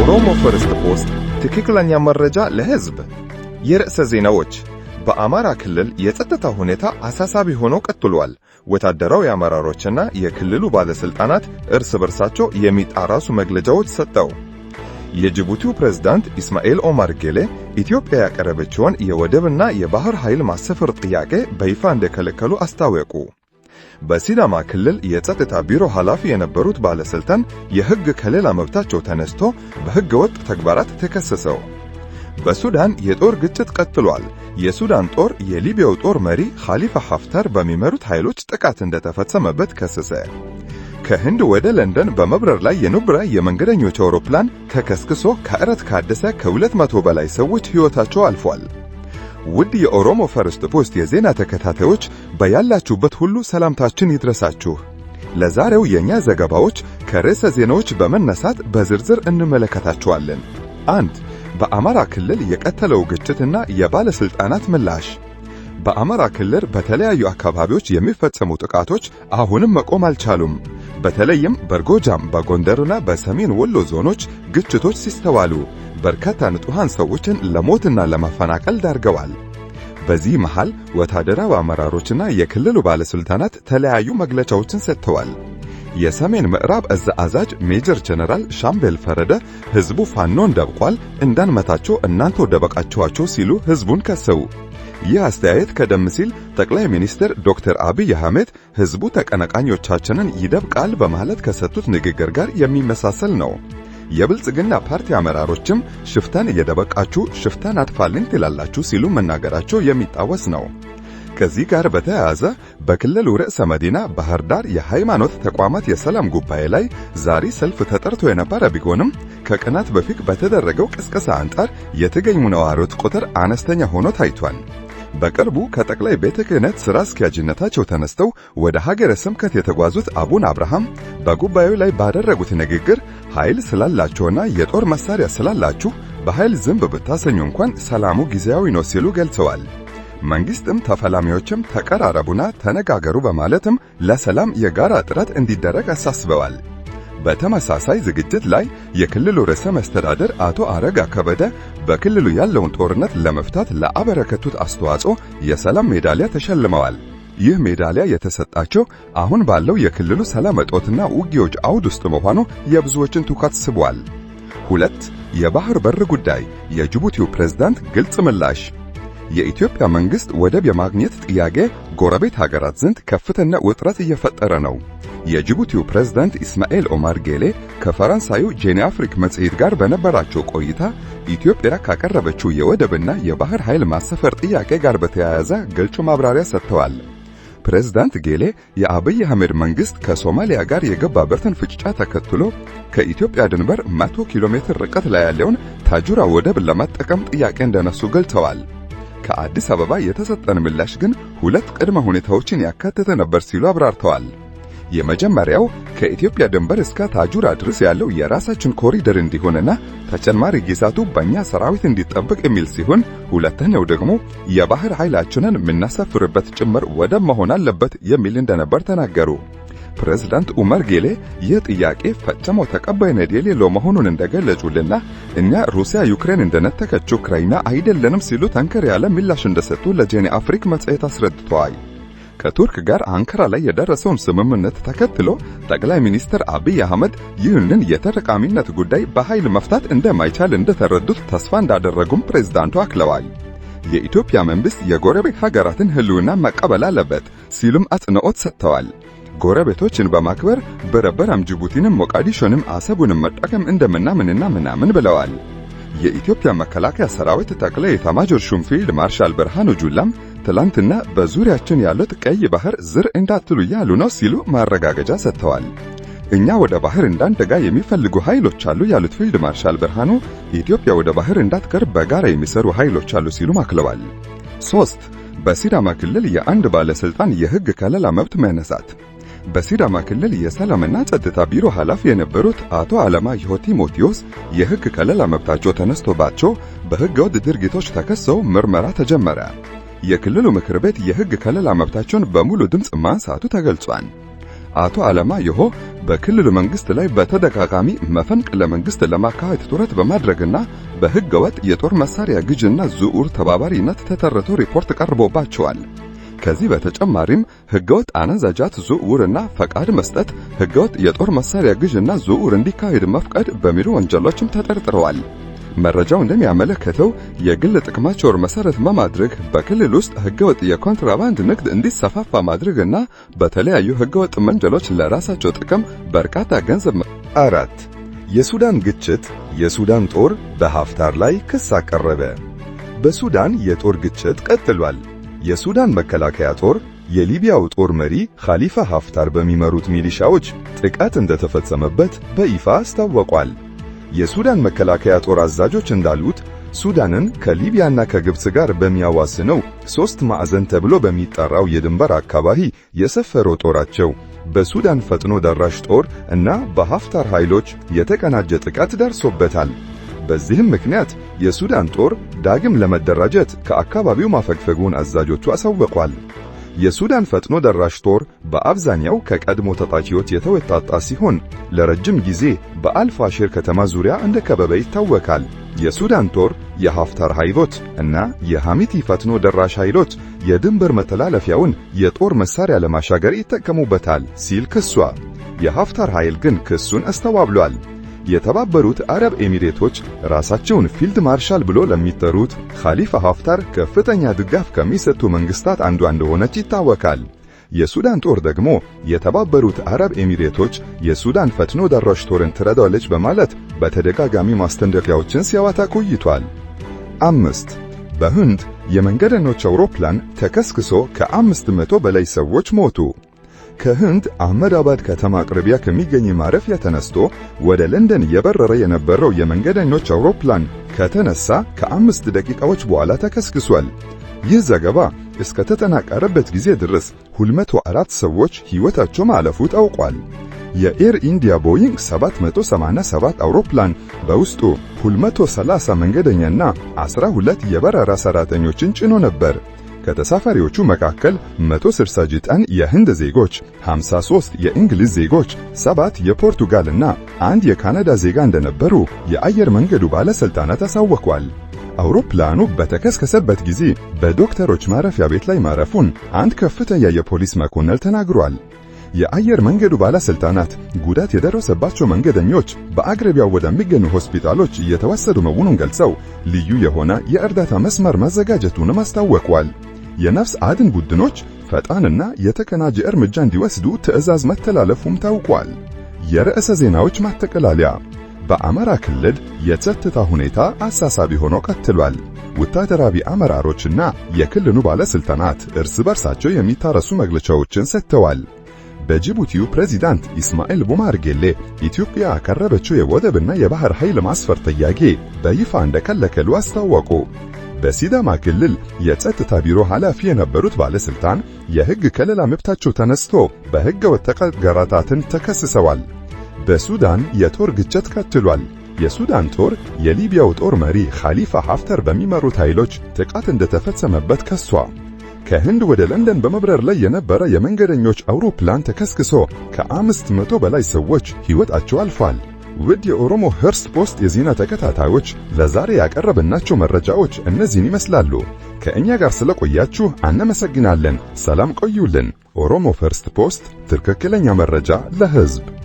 ኦሮሞ ፈርስት ፖስት ትክክለኛ መረጃ ለሕዝብ። የርዕሰ ዜናዎች በአማራ ክልል የጸጥታ ሁኔታ አሳሳቢ ሆኖ ቀጥሏል። ወታደራዊ አመራሮችና የክልሉ ባለሥልጣናት እርስ በርሳቸው የሚጣራሱ መግለጫዎች ሰጠው። የጅቡቲው ፕሬዝዳንት ኢስማኤል ኦማር ጌሌ ኢትዮጵያ ያቀረበችውን የወደብና የባሕር ኃይል ማሰፈር ጥያቄ በይፋ እንደከለከሉ አስታወቁ። በሲዳማ ክልል የጸጥታ ቢሮ ኃላፊ የነበሩት ባለሥልጣን የሕግ ከሌላ መብታቸው ተነስቶ በሕገ ወጥ ተግባራት ተከሰሰው። በሱዳን የጦር ግጭት ቀጥሏል። የሱዳን ጦር የሊቢያው ጦር መሪ ኻሊፋ ሐፍታር በሚመሩት ኃይሎች ጥቃት እንደተፈጸመበት ከሰሰ። ከህንድ ወደ ለንደን በመብረር ላይ የነበረ የመንገደኞች አውሮፕላን ተከስክሶ ከእረት ካደሰ ከ 200 በላይ ሰዎች ሕይወታቸው አልፏል። ውድ የኦሮሞ ፈርስት ፖስት የዜና ተከታታዮች በያላችሁበት ሁሉ ሰላምታችን ይድረሳችሁ። ለዛሬው የእኛ ዘገባዎች ከርዕሰ ዜናዎች በመነሳት በዝርዝር እንመለከታቸዋለን። አንድ በአማራ ክልል የቀጠለው ግጭትና የባለሥልጣናት ምላሽ። በአማራ ክልል በተለያዩ አካባቢዎች የሚፈጸሙ ጥቃቶች አሁንም መቆም አልቻሉም። በተለይም በጎጃም፣ በጎንደርና በሰሜን ወሎ ዞኖች ግጭቶች ሲስተዋሉ በርካታ ንጡሃን ሰዎችን ለሞትና ለማፈናቀል ዳርገዋል። በዚህ መሃል ወታደራዊ አመራሮችና የክልሉ ባለሥልጣናት ተለያዩ መግለጫዎችን ሰጥተዋል። የሰሜን ምዕራብ እዝ አዛዥ ሜጀር ጀነራል ሻምቤል ፈረደ ሕዝቡ ፋኖን ደብቋል፣ እንዳንመታቸው እናንተ ደበቃችኋቸው ሲሉ ሕዝቡን ከሰው። ይህ አስተያየት ቀደም ሲል ጠቅላይ ሚኒስትር ዶክተር አብይ አህመድ ሕዝቡ ተቀናቃኞቻችንን ይደብቃል በማለት ከሰጡት ንግግር ጋር የሚመሳሰል ነው። የብልጽግና ፓርቲ አመራሮችም ሽፍታን እየደበቃችሁ ሽፍታን አጥፋልን ትላላችሁ ሲሉ መናገራቸው የሚታወስ ነው። ከዚህ ጋር በተያያዘ በክልሉ ርዕሰ መዲና ባህር ዳር የሃይማኖት ተቋማት የሰላም ጉባኤ ላይ ዛሬ ሰልፍ ተጠርቶ የነበረ ቢሆንም ከቀናት በፊት በተደረገው ቅስቀሳ አንጻር የተገኙ ነዋሪዎች ቁጥር አነስተኛ ሆኖ ታይቷል። በቅርቡ ከጠቅላይ ቤተ ክህነት ሥራ አስኪያጅነታቸው ተነስተው ወደ ሀገረ ስብከት የተጓዙት አቡነ አብርሃም በጉባኤው ላይ ባደረጉት ንግግር ኃይል ስላላቸውና የጦር መሳሪያ ስላላችሁ በኃይል ዝንብ ብታሰኙ እንኳን ሰላሙ ጊዜያዊ ነው ሲሉ ገልጸዋል። መንግሥትም ተፈላሚዎችም ተቀራረቡና ተነጋገሩ በማለትም ለሰላም የጋራ ጥረት እንዲደረግ አሳስበዋል። በተመሳሳይ ዝግጅት ላይ የክልሉ ርዕሰ መስተዳደር አቶ አረጋ ከበደ በክልሉ ያለውን ጦርነት ለመፍታት ላበረከቱት አስተዋጽኦ የሰላም ሜዳሊያ ተሸልመዋል። ይህ ሜዳሊያ የተሰጣቸው አሁን ባለው የክልሉ ሰላም እጦትና ውጊያዎች አውድ ውስጥ መሆኑ የብዙዎችን ትኩረት ስቧል። ሁለት የባህር በር ጉዳይ የጅቡቲው ፕሬዝዳንት ግልጽ ምላሽ የኢትዮጵያ መንግሥት ወደብ የማግኘት ጥያቄ ጎረቤት ሀገራት ዘንድ ከፍተኛ ውጥረት እየፈጠረ ነው። የጅቡቲው ፕሬዝዳንት ኢስማኤል ኦማር ጌሌ ከፈረንሳዩ ጄኒ አፍሪክ መጽሔት ጋር በነበራቸው ቆይታ ኢትዮጵያ ካቀረበችው የወደብና የባህር ኃይል ማሰፈር ጥያቄ ጋር በተያያዘ ገልጾ ማብራሪያ ሰጥተዋል። ፕሬዝዳንት ጌሌ የአብይ አህመድ መንግሥት ከሶማሊያ ጋር የገባበትን ፍጭጫ ተከትሎ ከኢትዮጵያ ድንበር 100 ኪሎ ሜትር ርቀት ላይ ያለውን ታጁራ ወደብ ለመጠቀም ጥያቄ እንደነሱ ገልጸዋል። ከአዲስ አበባ የተሰጠን ምላሽ ግን ሁለት ቅድመ ሁኔታዎችን ያካተተ ነበር ሲሉ አብራርተዋል። የመጀመሪያው ከኢትዮጵያ ድንበር እስከ ታጁራ ድረስ ያለው የራሳችን ኮሪደር እንዲሆንና ተጨማሪ ግዛቱ በእኛ ሰራዊት እንዲጠብቅ የሚል ሲሆን፣ ሁለተኛው ደግሞ የባህር ኃይላችንን የምናሰፍርበት ጭምር ወደብ መሆን አለበት የሚል እንደነበር ተናገሩ። ፕሬዝዳንት ኡመር ጌሌ ይህ ጥያቄ ፈጽሞ ተቀባይነት የሌለው መሆኑን እንደገለጹልና እኛ ሩሲያ ዩክሬን እንደነተከችው ክራይና አይደለንም ሲሉ ተንከር ያለ ምላሽ እንደሰጡ ለጄኔ አፍሪክ መጽሔት አስረድተዋል። ከቱርክ ጋር አንካራ ላይ የደረሰውን ስምምነት ተከትሎ ጠቅላይ ሚኒስትር አብይ አህመድ ይህንን የተጠቃሚነት ጉዳይ በኃይል መፍታት እንደማይቻል እንደተረዱት ተስፋ እንዳደረጉም ፕሬዝዳንቱ አክለዋል። የኢትዮጵያ መንግሥት የጎረቤት ሀገራትን ሕልውና መቀበል አለበት ሲሉም አጽንኦት ሰጥተዋል። ጎረቤቶችን በማክበር በረበራም፣ ጅቡቲንም፣ ሞቃዲሾንም፣ አሰቡንም መጠቀም እንደምናምንና ምናምን ብለዋል። የኢትዮጵያ መከላከያ ሰራዊት ተክለ ኤታማዦር ሹም ፊልድ ማርሻል ብርሃኑ ጁላም ትላንትና በዙሪያችን ያሉት ቀይ ባህር ዝር እንዳትሉ ያሉ ነው ሲሉ ማረጋገጫ ሰጥተዋል። እኛ ወደ ባህር እንዳንደጋ የሚፈልጉ ኃይሎች አሉ ያሉት ፊልድ ማርሻል ብርሃኑ ኢትዮጵያ ወደ ባህር እንዳትቀርብ በጋራ የሚሰሩ ኃይሎች አሉ ሲሉ ማክለዋል። ሶስት በሲዳማ ክልል የአንድ ባለስልጣን የህግ ከለላ መብት መነሳት በሲዳማ ክልል የሰላምና ጸጥታ ቢሮ ኃላፊ የነበሩት አቶ አለማየሁ ቲሞቴዎስ የሕግ ከለላ መብታቸው ተነስቶባቸው በሕገ ድርጊቶች ተከሰው ምርመራ ተጀመረ። የክልሉ ምክር ቤት የሕግ ከለላ መብታቸውን በሙሉ ድምፅ ማንሳቱ ተገልጿል። አቶ አለማየሁ በክልሉ መንግስት ላይ በተደጋጋሚ መፈንቅለ መንግስት ለማካሄድ ጥረት በማድረግና በሕገ ወጥ የጦር መሳሪያ ግዥና ዝውውር ተባባሪነት ተተርቶ ሪፖርት ቀርቦባቸዋል። ከዚህ በተጨማሪም ህገወጥ አነዛጃት ዝውውርና ፈቃድ መስጠት፣ ህገወጥ የጦር መሳሪያ ግዥና ዝውውር እንዲካሄድ መፍቀድ በሚሉ ወንጀሎችም ተጠርጥረዋል። መረጃው እንደሚያመለከተው የግል ጥቅማቸውን መሰረት በማድረግ በክልል ውስጥ ህገወጥ የኮንትራባንድ ንግድ እንዲሰፋፋ ማድረግና በተለያዩ ህገወጥ መንጀሎች ለራሳቸው ጥቅም በርካታ ገንዘብ አራት የሱዳን ግጭት የሱዳን ጦር በሀፍታር ላይ ክስ አቀረበ። በሱዳን የጦር ግጭት ቀጥሏል። የሱዳን መከላከያ ጦር የሊቢያው ጦር መሪ ኻሊፋ ሀፍታር በሚመሩት ሚሊሻዎች ጥቃት እንደተፈጸመበት በይፋ አስታወቋል። የሱዳን መከላከያ ጦር አዛዦች እንዳሉት ሱዳንን ከሊቢያና ከግብፅ ጋር በሚያዋስነው ሦስት ማዕዘን ተብሎ በሚጠራው የድንበር አካባቢ የሰፈረው ጦራቸው በሱዳን ፈጥኖ ደራሽ ጦር እና በሀፍታር ኃይሎች የተቀናጀ ጥቃት ደርሶበታል። በዚህም ምክንያት የሱዳን ጦር ዳግም ለመደራጀት ከአካባቢው ማፈግፈጉን አዛዦቹ አሳውቋል። የሱዳን ፈጥኖ ደራሽ ጦር በአብዛኛው ከቀድሞ ታጣቂዎች የተወጣጣ ሲሆን ለረጅም ጊዜ በአልፋሽር ከተማ ዙሪያ እንደከበበ ይታወቃል። የሱዳን ጦር የሐፍታር ኃይሎች እና የሐሚቲ ፈጥኖ ደራሽ ኃይሎች የድንበር መተላለፊያውን የጦር መሳሪያ ለማሻገር ይጠቀሙበታል ሲል ክሷ የሐፍታር ኃይል ግን ክሱን አስተባብሏል። የተባበሩት አረብ ኤሚሬቶች ራሳቸውን ፊልድ ማርሻል ብሎ ለሚጠሩት ኻሊፋ ሀፍታር ከፍተኛ ድጋፍ ከሚሰጡ መንግስታት አንዷ እንደሆነች ይታወቃል። የሱዳን ጦር ደግሞ የተባበሩት አረብ ኤሚሬቶች የሱዳን ፈጥኖ ደራሽ ጦርን ትረዳለች በማለት በተደጋጋሚ ማስጠንቀቂያዎችን ሲያወጣ ቆይቷል። አምስት በህንድ የመንገደኞች አውሮፕላን ተከስክሶ ከአምስት መቶ በላይ ሰዎች ሞቱ። ከህንድ አህመዳባድ ከተማ አቅራቢያ ከሚገኝ ማረፊያ ተነስቶ ወደ ለንደን እየበረረ የነበረው የመንገደኞች አውሮፕላን ከተነሳ ከአምስት ደቂቃዎች በኋላ ተከስክሷል። ይህ ዘገባ እስከ ተጠናቀረበት ጊዜ ድረስ 204 ሰዎች ሕይወታቸው ማለፉ ታውቋል። የኤር ኢንዲያ ቦይንግ 787 አውሮፕላን በውስጡ 230 መንገደኛና 12 የበረራ ሰራተኞችን ጭኖ ነበር። ከተሳፋሪዎቹ መካከል 160 የህንድ ዜጎች፣ 53 የእንግሊዝ ዜጎች፣ 7 የፖርቱጋልና አንድ የካናዳ ዜጋ እንደነበሩ የአየር መንገዱ ባለሥልጣናት አሳወቋል። አውሮፕላኑ በተከስከሰበት ጊዜ በዶክተሮች ማረፊያ ቤት ላይ ማረፉን አንድ ከፍተኛ የፖሊስ መኮንን ተናግሯል። የአየር መንገዱ ባለሥልጣናት ጉዳት የደረሰባቸው መንገደኞች በአቅራቢያው ወደሚገኙ ሆስፒታሎች እየተወሰዱ መሆኑን ገልጸው ልዩ የሆነ የእርዳታ መስመር ማዘጋጀቱንም አስታወቋል። የነፍስ አድን ቡድኖች ፈጣንና የተቀናጀ እርምጃ እንዲወስዱ ትዕዛዝ መተላለፉም ታውቋል። የርዕሰ ዜናዎች ማጠቃለያ በአማራ ክልል የጸጥታ ሁኔታ አሳሳቢ ሆኖ ቀጥሏል። ወታደራዊ አመራሮችና የክልሉ ባለስልጣናት እርስ በርሳቸው የሚታረሱ መግለጫዎችን ሰጥተዋል። በጅቡቲው ፕሬዚዳንት ኢስማኤል ቡማርጌሌ ኢትዮጵያ ያቀረበችው የወደብና የባህር ኃይል ማስፈር ጥያቄ በይፋ እንደከለከሉ አስታወቁ። በሲዳማ ክልል የጸጥታ ቢሮ ኃላፊ የነበሩት ባለስልጣን የሕግ ከለላ መብታቸው ተነስቶ በሕገወጥ ወጥ ተከስሰዋል። በሱዳን የጦር ግጭት ቀጥሏል። የሱዳን ጦር የሊቢያው ጦር መሪ ኻሊፋ ሐፍተር በሚመሩት ኃይሎች ጥቃት እንደተፈጸመበት ከሷ። ከህንድ ወደ ለንደን በመብረር ላይ የነበረ የመንገደኞች አውሮፕላን ተከስክሶ ከአምስት መቶ በላይ ሰዎች ሕይወታቸው አልፏል። ውድ የኦሮሞ ሄርስ ፖስት የዜና ተከታታዮች ለዛሬ ያቀረብናችሁ መረጃዎች እነዚህን ይመስላሉ። ከእኛ ጋር ስለቆያችሁ አነመሰግናለን። ሰላም ቆዩልን። ኦሮሞ ፈርስት ፖስት ትክክለኛ መረጃ ለሕዝብ